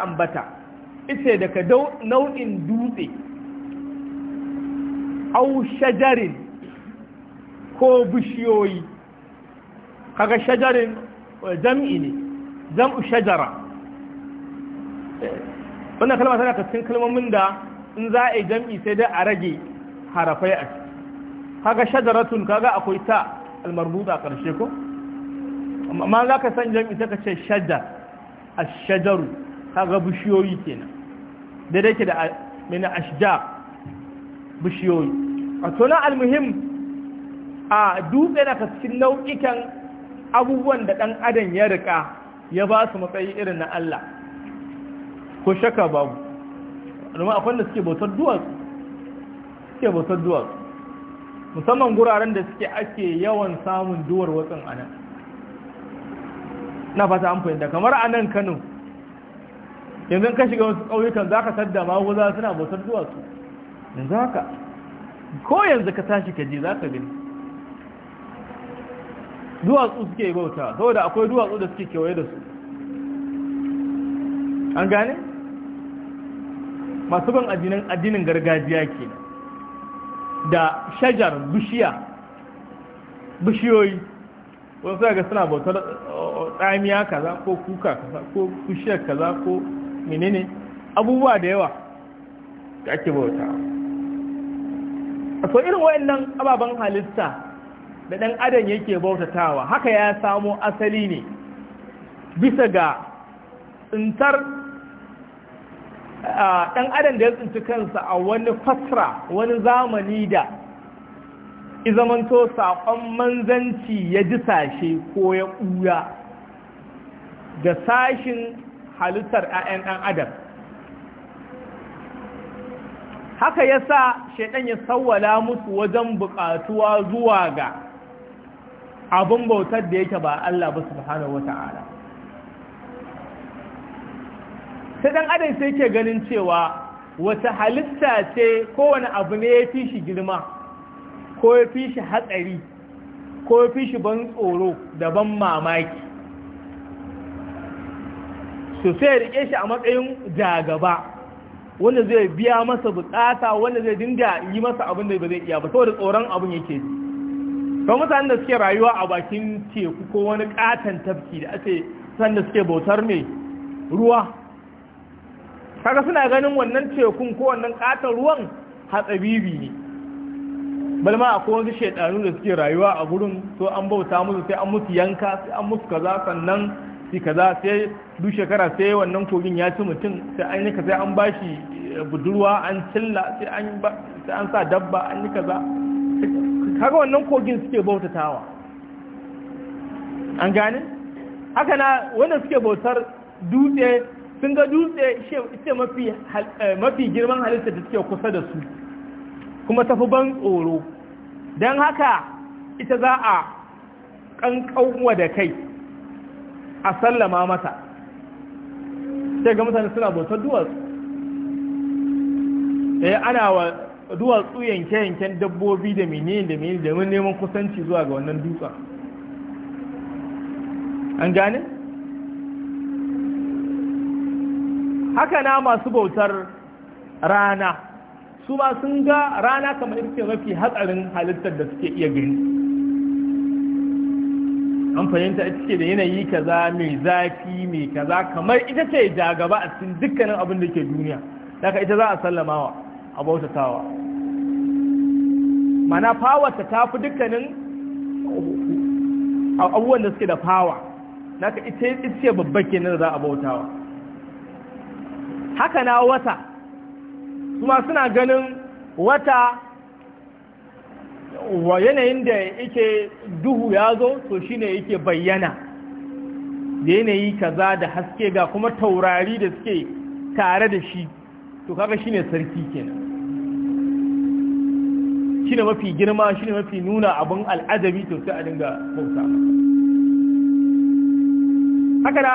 ambata ita daga nau'in dutse au shajarin ko bishiyoyi kaga shajarin eh, jam'i ne jam'u shajara wannan kalma tana kaskin kalmomin da in za a yi jam'i sai dai a rage harafai a ciki kaga shajaratun kaga akwai ta almarbuta a ƙarshe ko amma za ka san jam'i sai ka ce shajar a shajaru kaga bishiyoyi kenan da dake da min ashja bishiyoyi A na almuhim a dutse daga cikin nau'ikan abubuwan da dan adam ya rika ya ba su matsayi irin na Allah ko shaka babu amma akwai da suke bautar duwatsu suke bautar duwatsu musamman guraren da suke ake yawan samun duwar watsin anan na fata an fahimta kamar anan nan kano yanzu ka shiga wasu ƙauyukan za ka sadda maguza suna bautar duwatsu yanzu haka ko yanzu ka tashi ka je za ka gani duwatsu suke bauta saboda akwai duwatsu da suke kewaye da su an gane masu ban addinin gargajiya kenan da shajar bishiya bishiyoyi wasu daga suna bautar tsamiya kaza ko kuka kaza ko bishiyar kaza ko menene abubuwa da yawa da ake bauta akwai irin wayannan ababen halitta da ɗan adam yake bautatawa haka ya samo asali ne bisa ga tsintar ɗan adam da ya tsinci kansa a wani fatra wani zamani da izamanto saƙon manzanci ya ji sashe ko ya ɓuya ga sashin halittar 'ya'yan ɗan adam haka ya sa shaidan ya sawwala musu wajen buƙatuwa zuwa ga abin bautar da yake ba Allah ba subhanahu wata'ala sai ɗan adam sai ke ganin cewa wata halitta ce kowane abu ne ya fi shi girma ko ya fi shi hatsari ko ya fi shi ban tsoro da ban mamaki to sai ya rike shi a matsayin jagaba wanda zai biya masa bukata wanda zai dinga yi masa abin da ba zai iya ba saboda tsoron abin yake ji kuma mutanen da suke rayuwa a bakin teku ko wani katon tafki da ake san da suke bautar mai ruwa kaga suna ganin wannan tekun ko wannan katon ruwan hatsabibi ne balma akwai wasu shedanu da suke rayuwa a gurin to an bauta musu sai an musu yanka sai an musu kaza sannan shi kaza sai duk shekara sai wannan kogin ya ci mutum sai an yi sai an bashi eh, budurwa an cilla sai an sa dabba an yi kaza kaga wannan kogin suke bautatawa an gane haka na wanda suke bautar dutse sun ga dutse ce mafi eh, mafi girman halitta da suke kusa da su kuma tafi ban tsoro don haka ita za a kankanwa da kai a sallama mata sai ga mutane suna bautar duwatsu eh ana wa duwatsu yanke-yanken dabbobi da menene da menene neman kusanci zuwa ga wannan duka an gane haka na masu bautar rana su ma sun ga rana kamar ita mafi hatsarin halittar da suke iya gani an fahimta ita ce da yanayi kaza mai zafi mai kaza kamar ita ce ja gaba a cikin dukkanin abin da ke duniya daga ita za a sallama wa a bautatawa mana fawarta ta fi dukkanin abubuwan da suke da fawa daga ita ce babba kenan da za a bautawa haka na wata kuma suna ganin wata wa yanayin da yake duhu ya zo to shine yake bayyana da yanayi kaza da haske ga kuma taurari da suke tare da shi to kaga shine sarki kenan shine mafi girma shine mafi nuna abin al'adabi to sai a dinga bauta haka da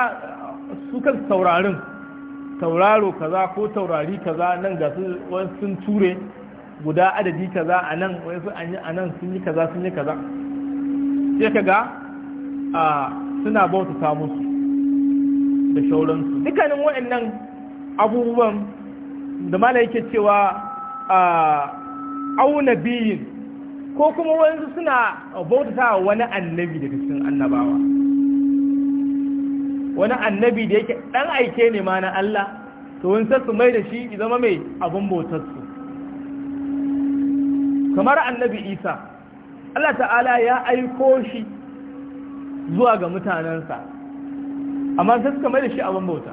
su kan taurarin tauraro kaza ko taurari kaza nan ga su sun ture guda adadi kaza a nan wasu an yi a nan sun yi kaza sun yi kaza sai ka ga a suna ta musu da shauransu dukkanin waɗannan abubuwan da mala yake cewa a auna biyin ko kuma wanzu suna ta wani annabi daga cikin annabawa wani annabi da yake ɗan aike ne ma na Allah to wani sassu mai da shi zama mai abin bautarsu kamar annabi isa Allah ta'ala ya aiko shi zuwa ga mutanensa amma sai suka mai da shi abin bauta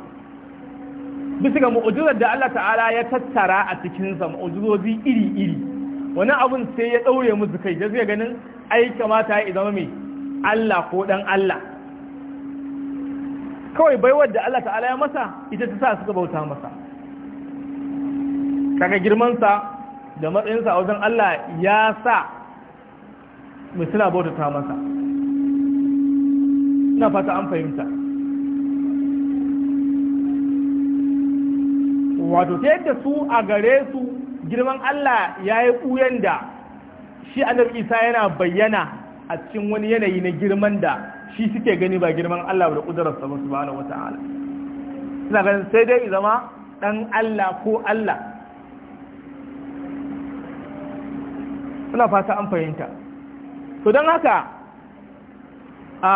bisa ga mu'ujizar da Allah ta'ala ya tattara a cikinsa mu'ujizozi iri-iri wani abun sai ya ɗaure musu kai da zai ganin ai kamata ya zama mai Allah ko dan Allah kawai baiwar da Allah ta'ala ya masa ita ta sa suka bauta masa kaga sa. da matsayinsa a wajen Allah ya sa mai suna ta masa ina fata an fahimta wato ta yadda su a gare su girman Allah ya yi ɓuyan da shi annabi isa yana bayyana a cikin wani yanayi na girman da shi suke gani ba girman Allah da su ba subhanahu wata'ala suna ganin sai dai zama ɗan Allah ko Allah muna fata an fahimta to don haka a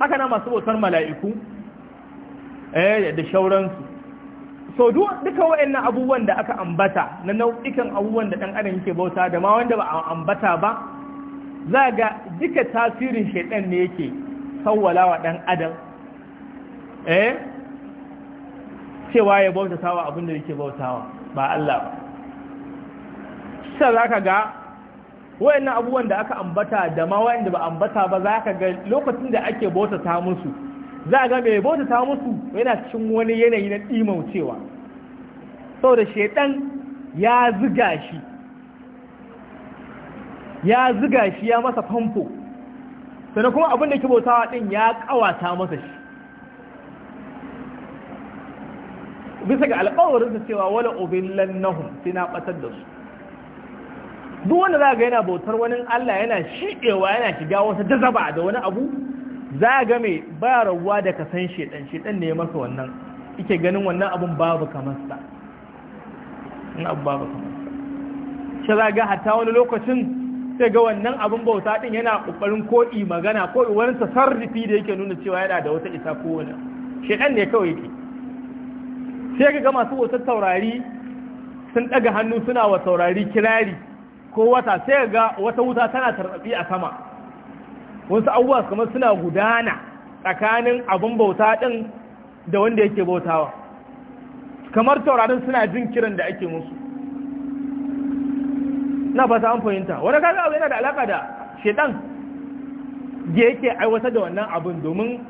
haka na masu bautar mala'iku eh, da shauransu so duka wa'annan abubuwan da aka ambata na nau'ikan abubuwan da ɗan adam yake bauta da ma wanda ba a ambata ba za ga duka tasirin shaiɗan ne yake sawwala wa ɗan adam eh cewa ya bautatawa abin da yake bautawa ba Allah ba sai za ka ga wayannan abubuwan da aka ambata da ma wayanda ba ambata ba za ka ga lokacin da ake bauta ta musu za ga mai bauta ta musu yana cikin wani yanayi na ɗimaucewa saboda shedan ya ziga shi ya zuga shi ya masa famfo sannan kuma abin da ke botawa din ya kawata masa shi bisa ga alƙawarin cewa wala ubillannahum sai na batar da su duk wanda za ga yana bautar wani Allah yana shiɗewa yana shiga wasu jazaba da wani abu za ga mai ba rabuwa da ka san shedan shedan ne masa wannan ike ganin wannan abun babu kamar sa abu babu kamar sa shi za ga hata wani lokacin sai ga wannan abun bauta din yana kokarin ko'i magana ko wani tasarrufi da yake nuna cewa yana da wata isa ko wani shedan ne kawai yake sai ga masu wata taurari sun daga hannu suna wa taurari kirari ko wata sai ga wata wuta tana tarbatsi a sama wasu abubuwa kamar suna gudana tsakanin abin bauta din da wanda yake bautawa kamar taurarin suna jin kiran da ake musu na fata amfani fahimta wani kaga abu yana da alaka da shedan da yake aiwatar da wannan abin domin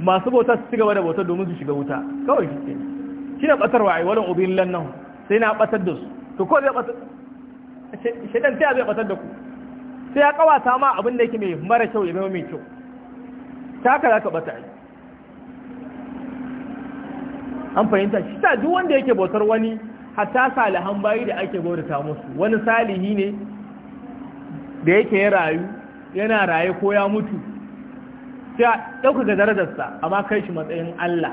masu bauta su cigaba da bauta domin su shiga wuta kawai shi ne shi na batarwa ai walin obin lannan sai na batar da su to ko zai batar shaidan sai zai kwatar da ku sai ya kawata ma abin da yake mai mara kyau ya zama mai kyau ta haka za ka bata yi an fahimta shi ta duk wanda yake bautar wani hatta salihan bayi da ake ta musu wani salihi ne da yake ya rayu yana raye ko ya mutu sai ɗauka ga darajarsa amma kai shi matsayin Allah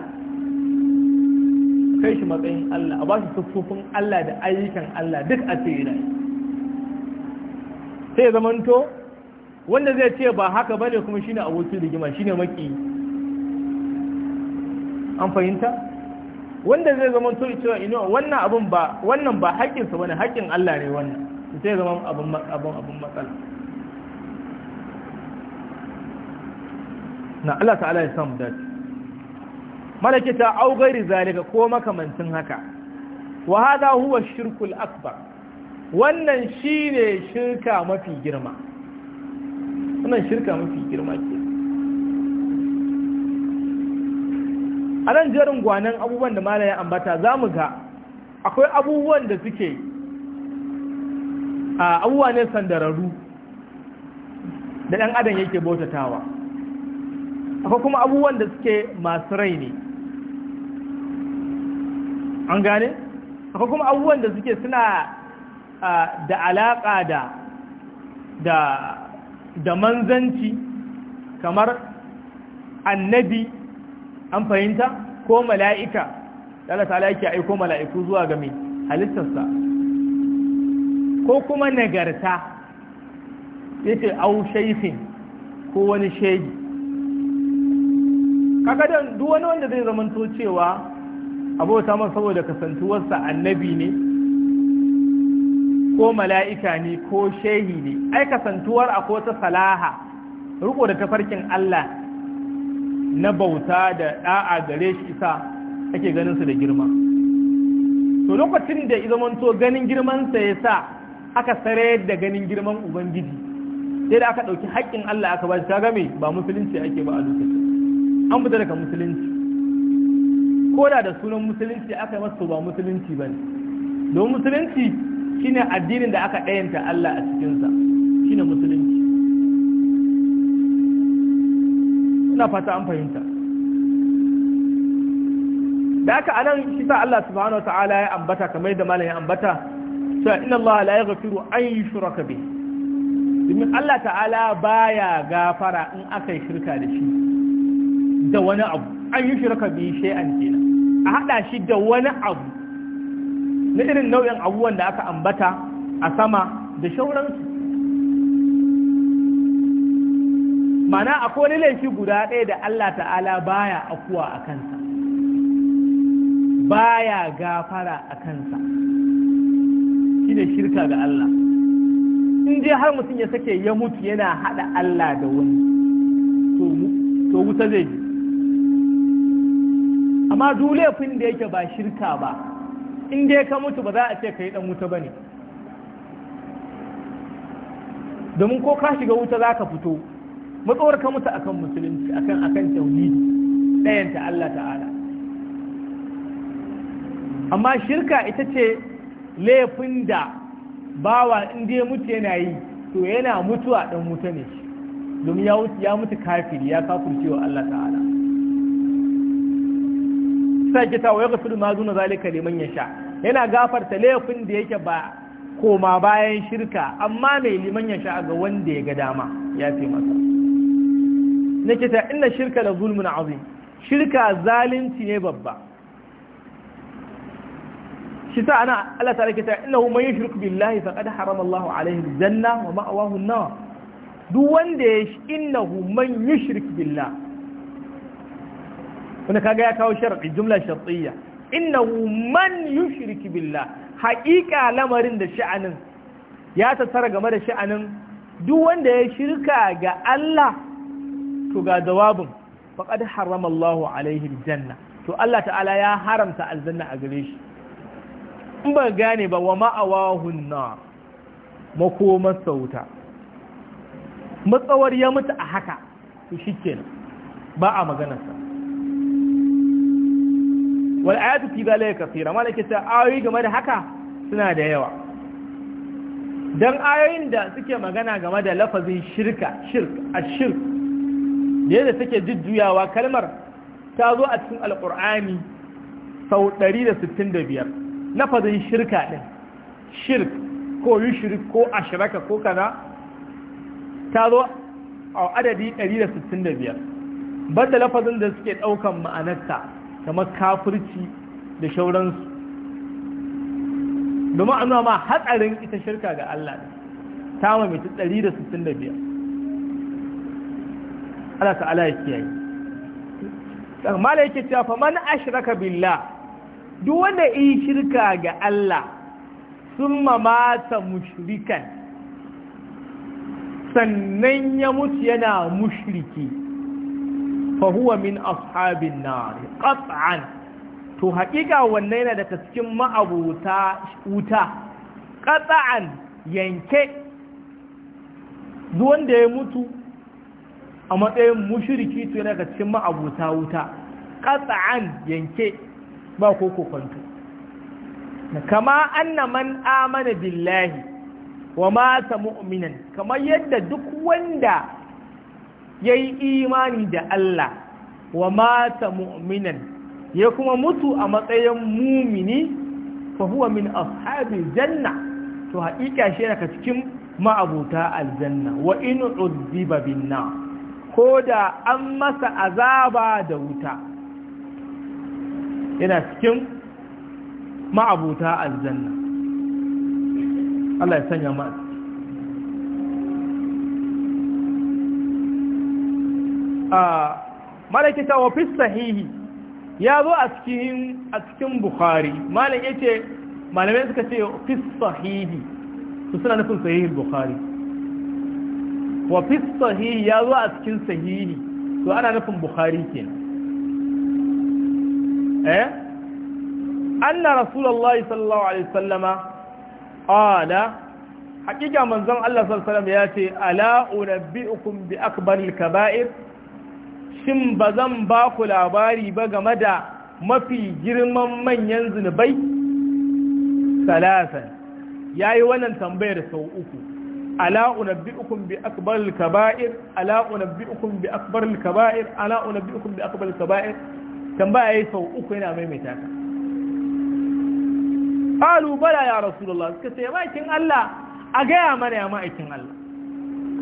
kai shi matsayin Allah a ba shi Allah da ayyukan Allah duk a ce yi sai ya zamanto wanda zai ce ba haka bane kuma shine abokin rigima shine maki an fahimta wanda zai zama to cewa ino wannan abun ba wannan ba haƙƙin sa bane haƙƙin Allah ne wannan sai zama abun abun abun matsala na Allah ta'ala ya samu dace malaki ta au gairi zalika ko makamantin haka wa hada huwa shirkul akbar wannan shi ne shirka mafi girma wannan shirka mafi girma ke a nan jerin gwanon abubuwan da ya ambata za mu ga akwai abubuwan da suke a abubuwa ne sandararru da ɗan adam yake bautatawa akwai kuma abubuwan da suke masu rai ne an gane akwai kuma abubuwan da suke suna da alaƙa da da manzanci kamar annabi an fahimta ko mala'ika Allah ta ai aiko mala'iku zuwa ga mai halittarsa ko kuma nagarta yace au shaifin ko wani shegi kaga dan duk wani wanda zai zamanto cewa abota masa saboda kasantuwarsa annabi ne ko mala'ika ne ko shehi ne ai kasantuwar a kota salaha riko da tafarkin Allah na bauta da ɗa’a gare shi isa ake ganin su da girma to lokacin da izamanto ganin girmansa ya sa aka tsare da ganin girman ubangiji sai da aka ɗauki haƙƙin Allah aka bashi ta ba musulunci ake ba a lokacin an fita daga musulunci ko da sunan musulunci aka yi masa ba musulunci ba ne don musulunci shine addinin da aka ɗayanta Allah a cikinsa shine musulunci ina fata an fahimta da aka anan shi sa Allah subhanahu wa ta'ala ya ambata kamar da malam ya ambata cewa inna Allah la yaghfiru an yushraka bi domin Allah ta'ala baya gafara in aka yi shirka da shi da wani abu an yushraka bi shay'an kenan a hada shi da wani abu na irin nau'in abubuwan da aka ambata a sama da shauransu mana akwai wani laifi guda ɗaya da Allah ta'ala baya akuwa a kansa baya gafara a kansa shi ne shirka ga Allah in je har mutum ya sake ya mutu yana haɗa Allah da wani to wuta zai ji amma duk laifin da yake ba shirka ba in dai ka mutu ba za a ce ka yi dan wuta ba ne domin ko ka shiga wuta za ka fito matsawar ka mutu akan musulunci akan akan tauhidi ta Allah ta'ala amma shirka ita ce laifin da bawa in dai mutu yana yi to yana mutuwa dan wuta ne domin ya mutu kafiri ya kafirce wa Allah ta'ala sai ke ya wa yaghfiru ma duna zalika liman ya sha yana gafarta laifin da yake ba koma bayan shirka amma mai liman ya sha ga wanda ya ga dama ya fi masa na ta ina shirka da zulmun azim shirka zalunci ne babba shi ta ana Allah ta rike ina hu man yushrik billahi faqad harama Allah alaihi aljanna wa ma'awahu an-nar duk wanda ya hu man yushrik billahi Wani kaga ya kawo sharadi jumla shartiyya innahu man yushrik billah haqiqa lamarin da sha'anin ya tasara game da sha'anin duk wanda ya shirka ga Allah to ga jawabin faqad haramallahu alaihi aljanna to Allah ta'ala ya haramta aljanna a gare shi in ba gane ba wa ma'awahun na makomar sauta matsawar ya mutu a haka to shi ba a maganarsa wal ayatu fi kafira kaseera malaka ta ayoyi game da haka suna da yawa dan ayoyin da suke magana game da lafazin shirka shirk ashirk da yadda take jujjuyawa kalmar ta zo a cikin alqur'ani sau 165 lafazin shirka din shirk ko yushrik ko ashraka ko kaza ta zo a adadi 165 banda lafazin da suke daukan ma'anarta kamar kafirci da shauransu domin an ma hatsarin ita shirka ga Allah ta mamita 165 Allah ta'ala ya kiyaye mala yake cewa fa man ashraka billah duk wanda yi shirka ga Allah summa mata mushrikan sannan ya mutu yana mushriki fa huwa min ashabin nar qat'an to haƙiƙa wannan yana daga cikin ma'abuta wuta qat'an yanke duk wanda ya mutu a matsayin mushriki to yana daga cikin ma'abuta wuta qat'an yanke ba ko kwanto kama anna man amana billahi wa mata mu'minan kamar yadda duk wanda ya yi imani da Allah wa mata mu'minan ya kuma mutu a matsayin mumini fa huwa min janna to haƙiƙa shi daga cikin ma'abuta aljanna wa in uddiba bin ko da an masa azaba da wuta yana cikin ma'abuta aljanna Allah ya sanya mu malakita wa fi sahihi ya zo a cikin bukhari malam ya ce malamai suka ce fi sahihi su suna nufin sahihin bukhari wa sahihi ya zo a cikin sahihi su ana nufin bukhari ke eh anna rasulullahi sallallahu alaihi wasallama qala hakika manzon Allah sallallahu alaihi wasallam ya ce ala unabbiukum bi akbaril kaba'ir shin ba zan ba ku labari ba game da mafi girman manyan zunubai salasan ya yi wannan tambayar sau uku ala unabbi'ukum bi akbar al-kaba'ir ala unabbi'ukum bi akbar al-kaba'ir ala unabbi'ukum bi akbar al-kaba'ir tambaya yayi sau uku yana maimaita ta qalu bala ya rasulullah suka ce ma'aikin Allah a gaya mana ya ma'aikin Allah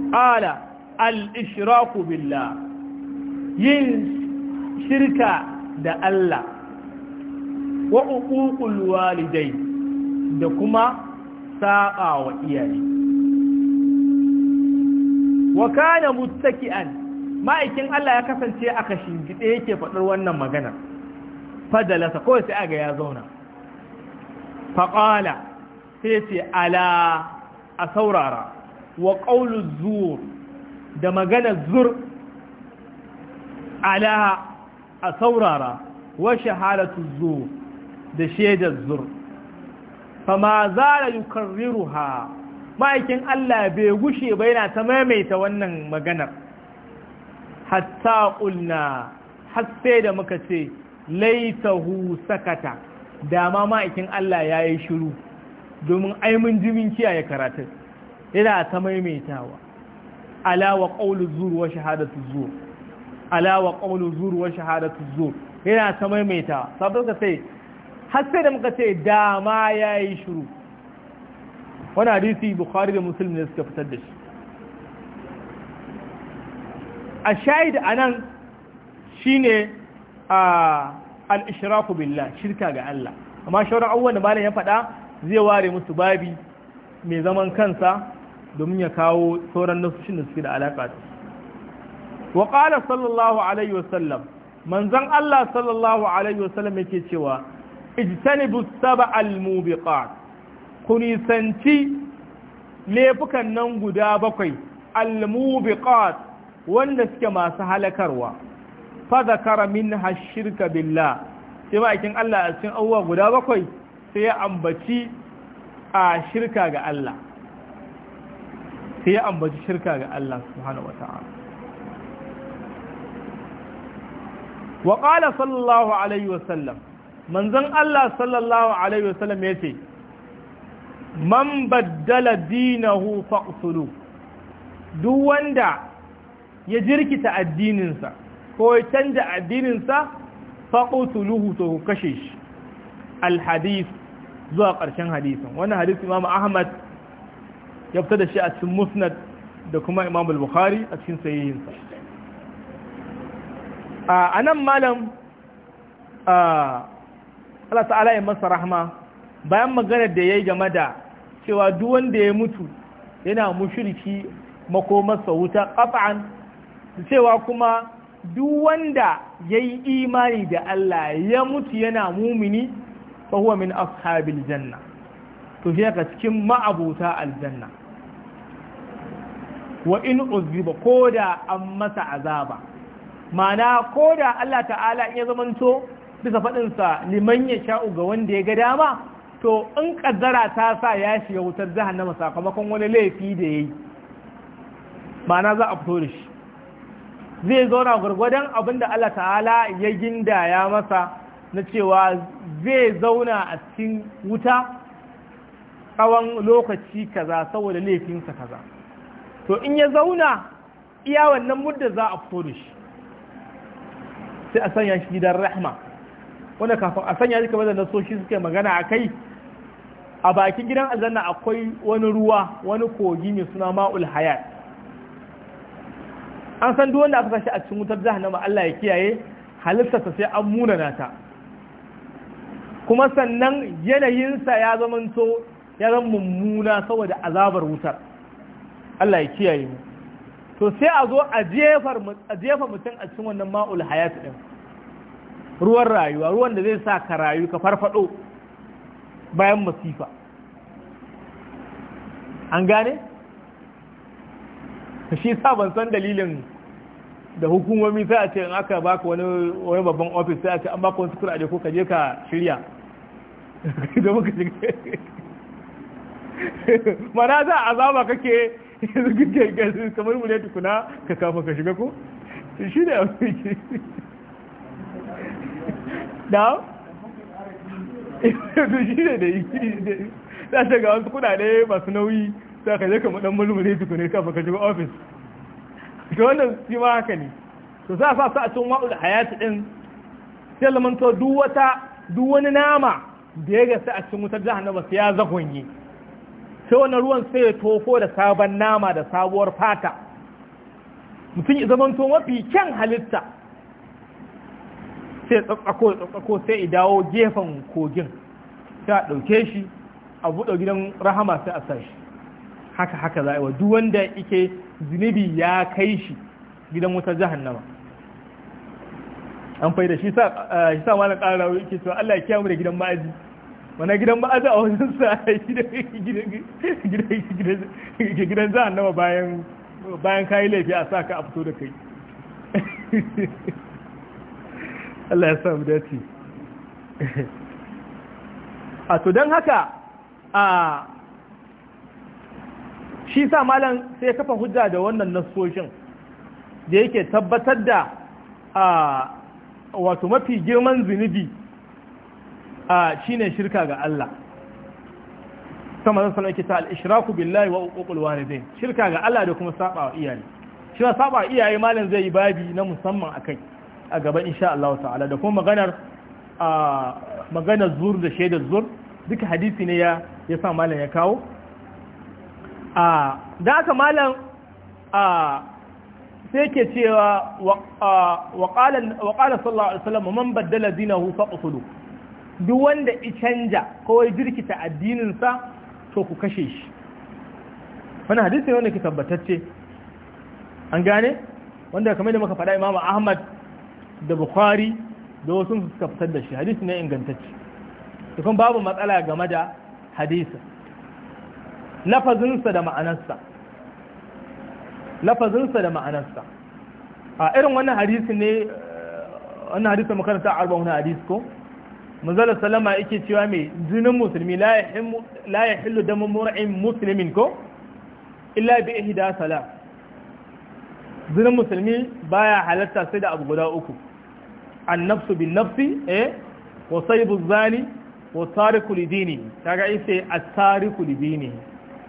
Ala, al-ishraku billah yin shirka da Allah wa uququl walidai da kuma saƙa wa iyaye wa kana muttaki'an ma'aikin Allah ya kasance a shingide yake faɗar wannan magana fadalasa kawai sai aga ya zauna faƙala sai ce ala a saurara wa ƙaunar zuwa da magana zur ala a saurara wa shahadatu zo da shaidar zur fama zara ha, ma'aikin Allah bai gushe ba yana ta maimaita wannan maganar hatta ƙulna hasse da muka ce laitahu sakata dama ma'aikin Allah ya yi shiru domin aimin jimin kiyaye karatun yana ta maimaitawa alawa ƙaunar zuwa shahadatu zuwa ala wa qawlu zur wa shahadatu zur yana ta maimaita sabon ka sai har sai da muka ce da ma yayi shiru wani hadisi bukhari da muslim ne suka fitar da shi a shahid anan shine a al billah shirka ga Allah amma shawara abubuwan da malam ya faɗa zai ware musu babi mai zaman kansa domin ya kawo sauran nasushin da suke da alaƙa da wa qala sallallahu alaihi wasallam manzan Allah sallallahu alaihi wasallam yake cewa ijtanibu sab'al mubiqat ku nisanci laifukan nan guda bakwai al mubiqat wanda suke masu halakarwa fa zakara minha shirka billah sai bakin Allah a cikin abubuwa guda bakwai sai ya ambaci a shirka ga Allah sai ya ambaci shirka ga Allah subhanahu wata'ala wa qala sallallahu alaihi wasallam manzon Allah sallallahu alaihi wasallam yace man baddala dinahu faqtulu duk wanda ya jirkita addininsa ko ya canja addininsa faqtuluhu to kashe shi alhadith zuwa ƙarshen hadisin wannan hadisi Imam Ahmad ya fita da shi a cikin Musnad da kuma Imam Bukhari a cikin sahihinsa a nan malam Allah ta'ala ya masa rahma bayan maganar da ya yi game da cewa duk wanda ya mutu yana mushirki makomarsa wuta ƙafa'an cewa kuma duk wanda ya yi imani da Allah ya mutu yana mumini fahuwa min ashabil janna to shi yaka cikin ma'abuta aljanna wa in uzziba ko da an masa azaba ma'ana ko da Allah ta'ala ya zamanto bisa faɗinsa liman ya sha'u ga wanda ya ga dama to in ƙaddara ta sa ya shiga wutar jahannama sakamakon wani laifi da ya yi ma'ana za a fito da shi zai zauna gwargwadon abin da Allah ta'ala ya ginda ya masa na cewa zai zauna a cikin wuta tsawon lokaci kaza saboda laifinsa kaza to in ya zauna iya wannan mudda za a fito da shi sai a sanya shi gidan rahma wanda kafin a sanya shi kamar da nasoshi suke magana a kai a bakin gidan azanna akwai wani ruwa wani kogi mai suna ma'ul hayat an san duk wanda aka sashi a cikin wutar jahannama Allah ya kiyaye halittarsa sai an munana ta kuma sannan yanayinsa ya zamanto ya zama mummuna saboda azabar wutar Allah ya kiyaye mu to sai a zo a jefa mutum a cikin wannan ma'ul hayat din ruwan rayuwa ruwan da zai sa ka rayu ka farfado bayan masifa an gane? shi sa ban san dalilin da hukumomi sai a ce in aka baka wani wani babban ofis sai a ce an baka wani sukura ko ka je ka shirya da muka shiga mana za a azaba kake yanzu kamar mu ne ka shiga ko shi ne da yanzu shi ne da yi ta ga wasu kudade masu nauyi za ka je kama dan mulmu ne tukuna kafa ka shiga ofis ga wannan shi ma haka ne to za a sa su a cikin wa'ul hayati din sai lamanto duk wata duk wani nama da ya gasa a cikin wutar jahannama sai ya zagonye sai wannan ruwan sai ya tofo da sabon nama da sabuwar fata mutum ya zamanto mafi kyan halitta sai tsatsako tsatsako sai ya dawo gefen kogin sai a ɗauke shi a buɗe gidan rahama sai a sashi haka haka za a yi wa duk wanda ike zunubi ya kai shi gidan wutar jahannama an fai da shi sa eh, malar ƙararrawa yake cewa Allah ya kiyamu da gidan ma'aji wani gidan ba a wajen sa gidan za a nawa bayan kayi laifi a sa ka a fito da kai Allah ya samu dati a to don haka a shi sa malam sai kafa hujja da wannan nasoshin da yake tabbatar da a wato mafi girman zunubi a shine shirka ga Allah kama zan sanar kita al'ishiraku billahi wa uƙuƙul walidai shirka ga Allah da kuma saba wa iyaye shi na saba wa iyaye malam zai yi babi na musamman a kai a gaban insha Allah ta'ala da kuma maganar a maganar zur da shaidar zur duka hadisi ne ya ya sa malam ya kawo a da aka malam a sai ke cewa wa qala sallallahu alaihi wasallam man baddala dinahu faqtulu duk wanda i canja ko ya jirkita addininsa to ku kashe shi wani hadisi ne wanda ke tabbatacce an gane wanda kamar da muka faɗa imamu ahmad da bukhari da wasu suka fitar da shi hadisi ne ingantacce da babu matsala game da hadisi lafazinsa da ma'anarsa lafazinsa da ma'anarsa a irin wannan hadisi ne eh, wannan hadisi arba arba'un hadisi ko manzala salama yake cewa mai jinin musulmi la ya hillu da mamurin musulmin ko illa bi ihda sala jinin musulmi baya halatta sai da abu guda uku an nafsu bin nafsi eh wa saibu zani wa tariku lidini kaga ise at-tariku lidini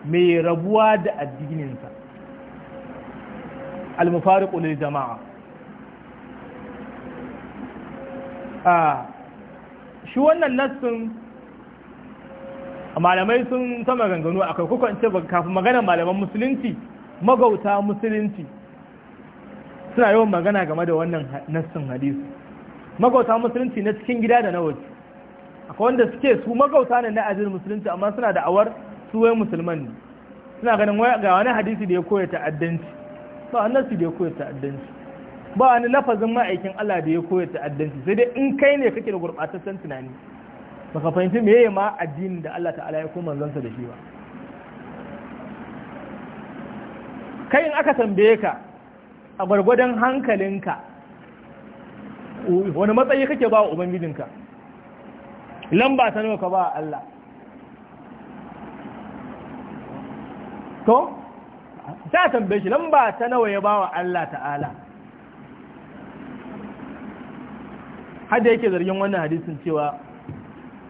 mai rabuwa da addininsa al-mufariqu lil jama'a ah. shi wannan nassin malamai sun sama ganganu a kuka ce kafin magana malaman musulunci magauta musulunci suna yawan magana game da wannan nassin hadisi magauta musulunci na cikin gida da na waje akwai wanda suke su magauta ne na ajin musulunci amma suna da awar suwai musulman ne suna ganin ga wani hadisi da ya koya ta'addanci ba annasi da ya koya ta'addanci ba wani lafazin ma'aikin Allah da ya koya ta'addanci sai dai in kai ne kake da gurɓataccen tunani ba ka fahimci meye ma addinin da Allah ta'ala ya koma zansa da shi ba kai in aka tambaye ka a gwargwadon hankalinka wani matsayi kake ba wa ubangijinka lamba ta nawa ka ba Allah to ta tambaye shi lamba ta nawa ya ba wa Allah ta'ala har da yake zargin wannan hadisin cewa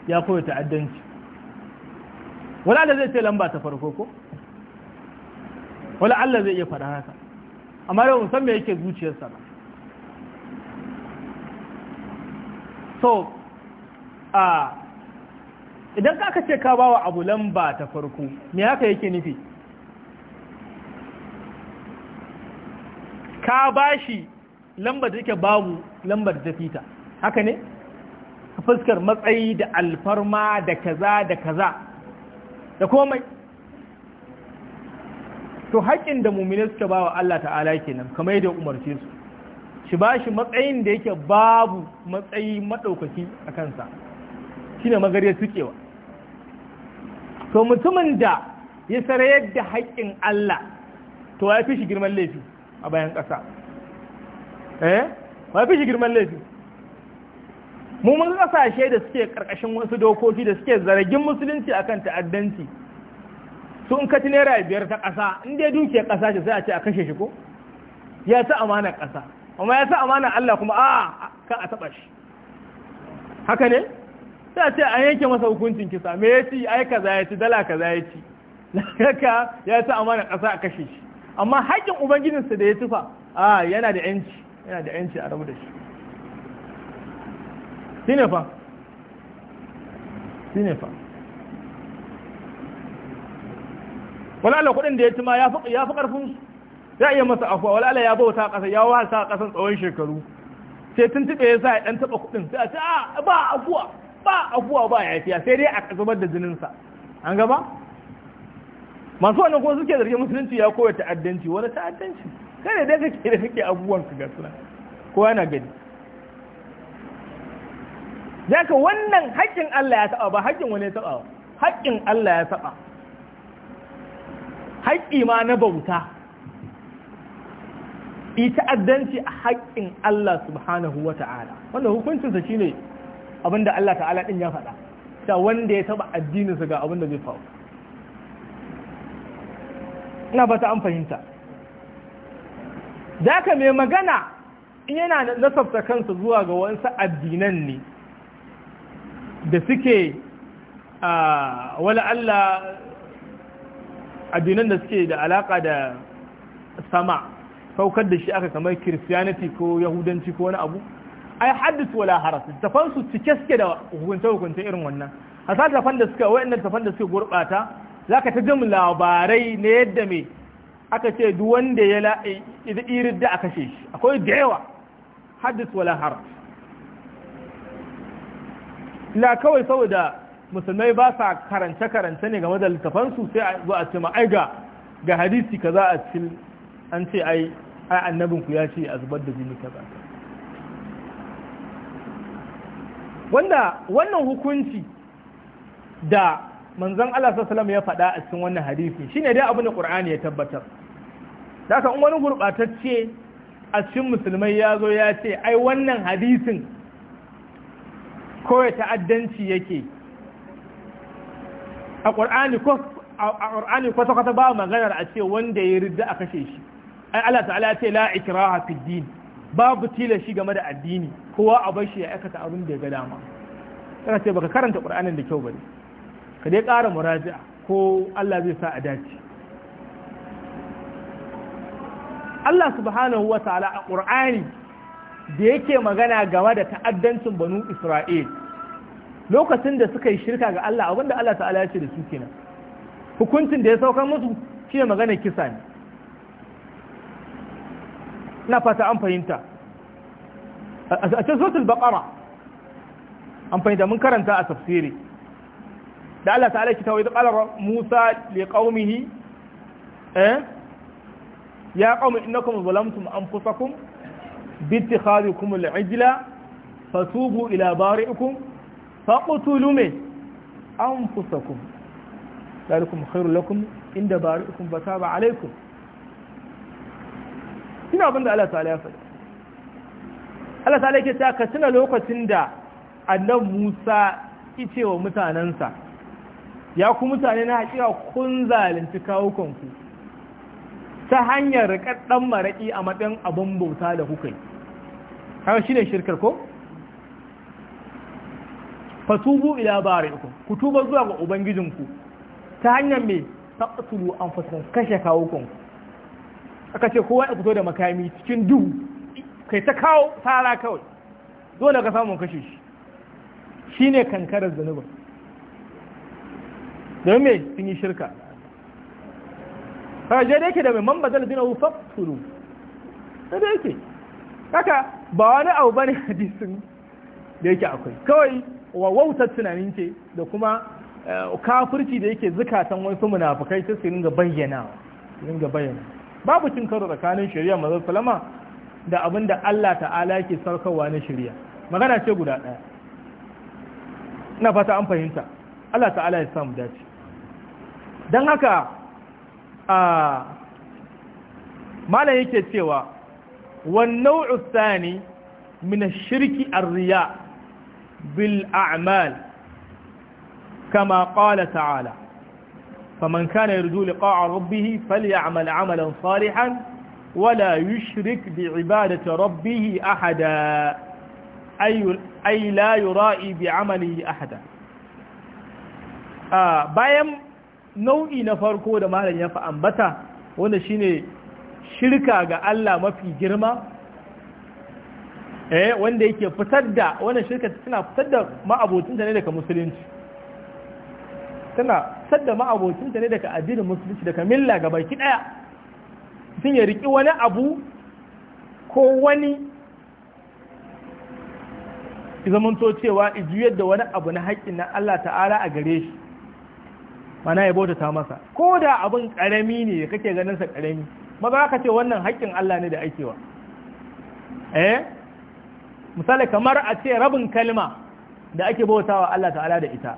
ya koya ta'addanci wala Allah zai ce lamba ta farko ko wala Allah zai iya faɗa haka amma da musan me yake zuciyarsa ba so a idan aka ce ka bawa abu lamba ta farko me haka yake nufi ka bashi lambar da yake babu lambar da ta fita haka ne fuskar matsayi da alfarma da kaza da kaza da komai to haƙƙin da mummune suka ba wa Allah ta'ala kenan kamar yadda umarce su shi ba shi matsayin da yake babu matsayi maɗaukaki a kansa shi ne magariyar sukewa to mutumin da ya sarayar da haƙƙin Allah to ya fi shi girman laifi a bayan ƙasa eh ya fi shi girman laifi mu mun kasashe da suke karkashin wasu dokoki da suke zargin musulunci akan ta'addanci sun kati naira biyar ta ƙasa in dai dukiyar ƙasa ce sai a ce a kashe shi ko ya ta amana ƙasa amma ya ta amana Allah kuma a kan a taɓa shi haka ne sai a ce a yanke masa hukuncin kisa me ya ci ai kaza ya ci dala kaza ya ci haka ya ta amana ƙasa a kashe shi amma haƙƙin ubangijinsa da ya tufa a yana da yanci yana da yanci a rabu da shi Sinefa ne fa shi fa kudin da ya ci ma ya fi karfinsu ya iya masa afuwa wala'ala ya bauta ƙasa ya wasa a ƙasan tsawon shekaru sai tun tuɓe ya sa ya ɗan taɓa kudin sai a ce a ah, ba afuwa ba afuwa ba ya fiya sai dai a zubar da jininsa an gaba masu wannan kuma suke zargin musulunci ya koya ta'addanci wani ta'addanci kare dai kake da kake abubuwan ka ga kowa yana gani zaka wannan haƙƙin Allah ya taɓa ba haƙƙin wani ya taɓa ba haƙƙin Allah ya taɓa haƙƙi ma na bauta ita addanci a haƙƙin Allah subhanahu wa ta'ala wanda hukuncinsa shi ne abinda Allah ta'ala din ya faɗa ta wanda ya taɓa addininsa ga abinda zai faru ina ba ta an fahimta da ka mai magana yana nasabta kansa zuwa ga wasu addinan ne da suke a wala Allah addinan da suke da alaka da sama saukar da shi aka kamar kiristiyaniti ko yahudanci ko wani abu ai haddis wala haras tafan su cike suke da hukunce hukunce irin wannan hasa tafan da wa'in nan tafan da suka gurbata zaka ta jin labarai ne yadda me aka ce duk wanda ya la irin da aka shi akwai da yawa haddis wala haras la kawai saboda musulmai ba sa karance-karance ne game da littafansu sai a zo a ce ga ga hadisi kaza a cikin an ce ai ai annabinku ya ce a zubar da jini kaza wanda wannan hukunci da manzon Allah sallallahu ya faɗa a cikin wannan hadisi shine dai abin da Qur'ani ya tabbatar da haka in wani gurbatacce a cikin musulmai ya zo ya ce ai wannan hadisin ko ta'addanci yake a ƙur'ani kwata-kwata ba maganar a ce wanda ya ridda a kashe shi ai Allah ta'ala ce la ikraha fid din babu tilashi game da addini kowa a bai shi ya aikata abin da ya ga dama kana ce baka karanta ƙur'anin da kyau bane ka dai ƙara muraji'a ko Allah zai sa a dace Allah subhanahu wa ta'ala a ƙur'ani da yake magana game da ta'addancin banu Isra'il lokacin da suka yi shirka ga Allah abinda Allah ta'ala ya ce da su kenan hukuncin da ya saukar musu shine magana kisa ne na fata an fahimta a cikin suratul baqara an fahimta mun karanta a tafsiri da Allah ta'ala ki tawaye da Musa li qaumihi eh ya qaumi innakum zalamtum anfusakum باتخاذكم العجلة فتوبوا إلى بارئكم فاقتلوا من أنفسكم ذلكم خير لكم عند بارئكم فتاب عليكم ina abin da Allah ta'ala ya faɗi Allah ta'ala yake cewa ka tuna lokacin da annabi Musa ice wa ya ku mutane na hakika kun zalunci kawukanku ta hanyar rikaddan maraƙi a matsayin abin bauta da kuka yi kaga shine shirkar ko fatubu ila bari'ikum ku tuba zuwa ga ubangijinku ta hanyar me an anfusakum kashe kawo kun aka ce kowa ya fito da makami cikin duhu kai ta kawo tsara kawai dole ka samu kashe shi shine kankarar zanuba don me sun yi shirka kaje da yake da mai man bazal dinahu faqtulu da yake haka ba wani abu bane hadisin da yake akwai kawai wa wautar tunanin ce da kuma eh, kafirci da yake zukatan wasu munafukai ta su ringa bayyana ringa bayyana babu cin karo tsakanin shari'a manzon salama da abin da Allah ta'ala yake sarkarwa na shari'a magana ce guda ɗaya ina fata an fahimta Allah ta'ala ya samu dace don haka a ah, malam yake cewa والنوع الثاني من الشرك الرياء بالأعمال كما قال تعالى فمن كان يرجو لقاء ربه فليعمل عملا صالحا ولا يشرك بعبادة ربه أحدا أي, أي لا يرائي بعمله أحدا آه بايم نوعي na farko مالا malam ya fi shirka ga Allah mafi girma eh wanda yake fitar da wannan shirka tana fitar da ma'abocinta ne daga musulunci tana fitar da ma'abocinta ne daga addinin musulunci daga milla ga baki daya sun ya riki wani abu ko wani to cewa ijiyar yadda wani abu na haƙƙin na Allah ta'ala a gare shi mana ya bauta ta masa ko da abin ƙarami ne kake ganin sa ƙarami ba za ka ce wannan haƙƙin Allah ne da wa eh misali kamar a ce rabin kalma da ake bautawa Allah ta'ala da ita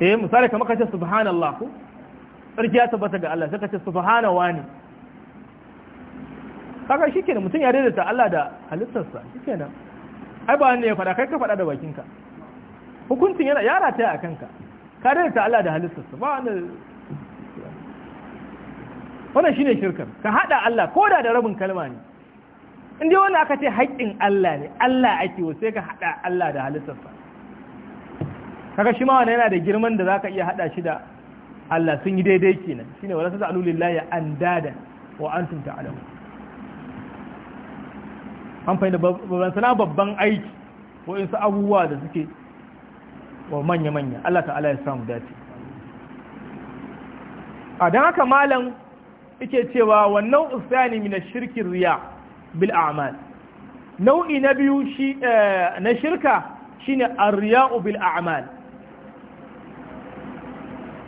eh misali kamar ka ce subhanallah ku sarki ya tabbata ga Allah sai ka ce subhanawa ne kaga shikenan mutum ya daidaita Allah da halittarsa shikenan ai ba ne ya faɗa kai ka faɗa da bakinka hukuncin yana yara ta a kanka ka daidaita Allah da halittarsa ba wanda wannan shine shirkar ka hada Allah ko da da rabin kalma ne in dai aka ce haƙƙin Allah ne Allah ake wa sai ka hada Allah da halittarsa kaga shi ma wannan yana da girman da zaka iya hada shi da Allah sun yi daidai kenan shine wala tasalu lillahi dada wa antum ta'lamun an fahimta babban sana babban aiki ko insu abubuwa da suke wa manya-manya Allah ta'ala ya samu dace a don haka malam yake cewa wannan usani min shirkin riya bil a'mal nau'i na biyu shi eh, na shirka shine ar-riya'u bil a'mal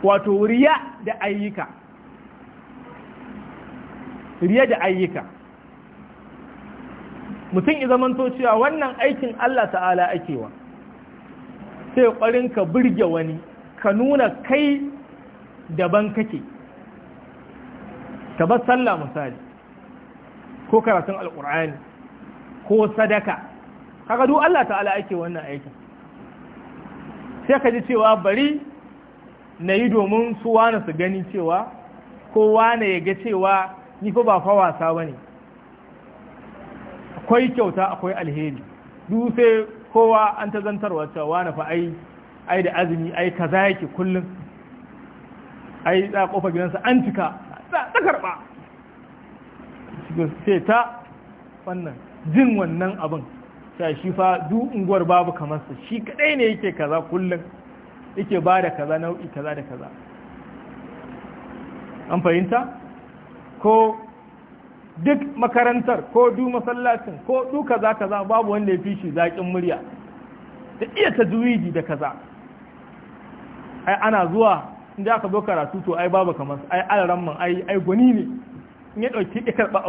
wato riya da ayyuka riya da ayyuka mutum ya zamanto cewa wannan aikin Allah ta'ala akewa sai ƙwarin ka burge wani ka nuna kai daban kake kamar sallah misali ko karatun alkur'ani ko sadaka kaga duk Allah ta'ala ake wannan aiki. sai ka ji cewa bari na yi domin su wane su gani cewa ko wani ya ga cewa ni fa ba fa wasa bane akwai kyauta akwai alheri duk sai kowa an ta zantarwa cewa wani fa ai ai da azumi ai kaza yake kullum ai za kofa gidansa an cika karɓa sai ta wannan jin wannan abin ta shi fa duk unguwar babu kamar sa shi kadai ne yake kaza kullum yake ba da kaza nau'i kaza da kaza an fahimta ko duk makarantar ko duk masallacin ko duk kaza kaza babu wanda ya fi shi zaƙin murya da iya tajwidi da kaza ai ana zuwa inda aka zo karatu to ai babu kamar ai alaran man ai ai gwani ne in ya dauki ya karba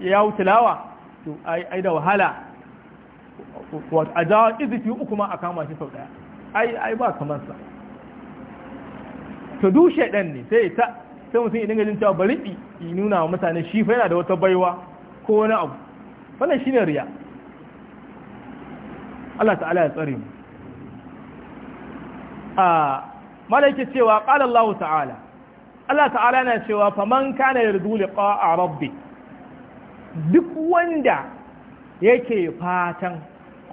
ya lawa to ai ai da wahala wato a jawo izifi uku ma a kama shi sau daya ai ai ba kamar sa to dushe dan ne sai ta sai mutum idan dinga jin cewa bari i nuna wa mutane shi fa yana da wata baiwa ko wani abu wannan shine riya Allah ta'ala ya tsare mu a ah, malaiki cewa qala Allah ta'ala Allah ta'ala na cewa faman kana yardu liqa'a rabbi duk wanda yake fatan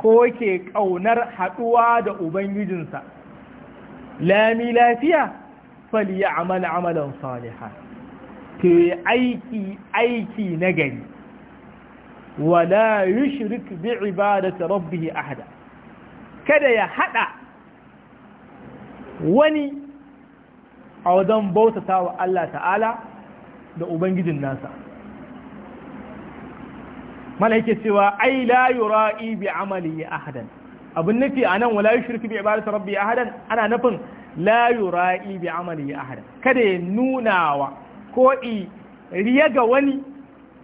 ko yake kaunar haduwa da ubangijinsa lami lafiya falyamal amalan salihan ke aiki aiki nagari wala yushrik bi ibadati rabbih ahada kada ya hada wani a wajen bautata wa Allah ta'ala da Ubangijin nasa mala yake cewa ai la yura'i bi amali ahadan abin nufi nan wala yi shirki bi ibadati rabbi ya ahadan ana nufin la yura'i bi amali ahadan kada ya nunawa ko ko’i riya ga wani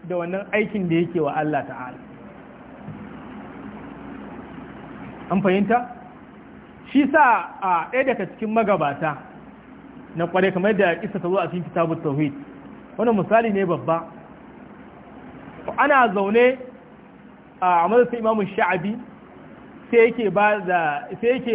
da wannan aikin da yake wa Allah ta'ala an fahimta shi sa a ɗaya daga cikin magabata na kware kamar da isa ta zo a cikin kitabu tauhid wani misali ne babba ana zaune a madrasar imamun sha'abi sai yake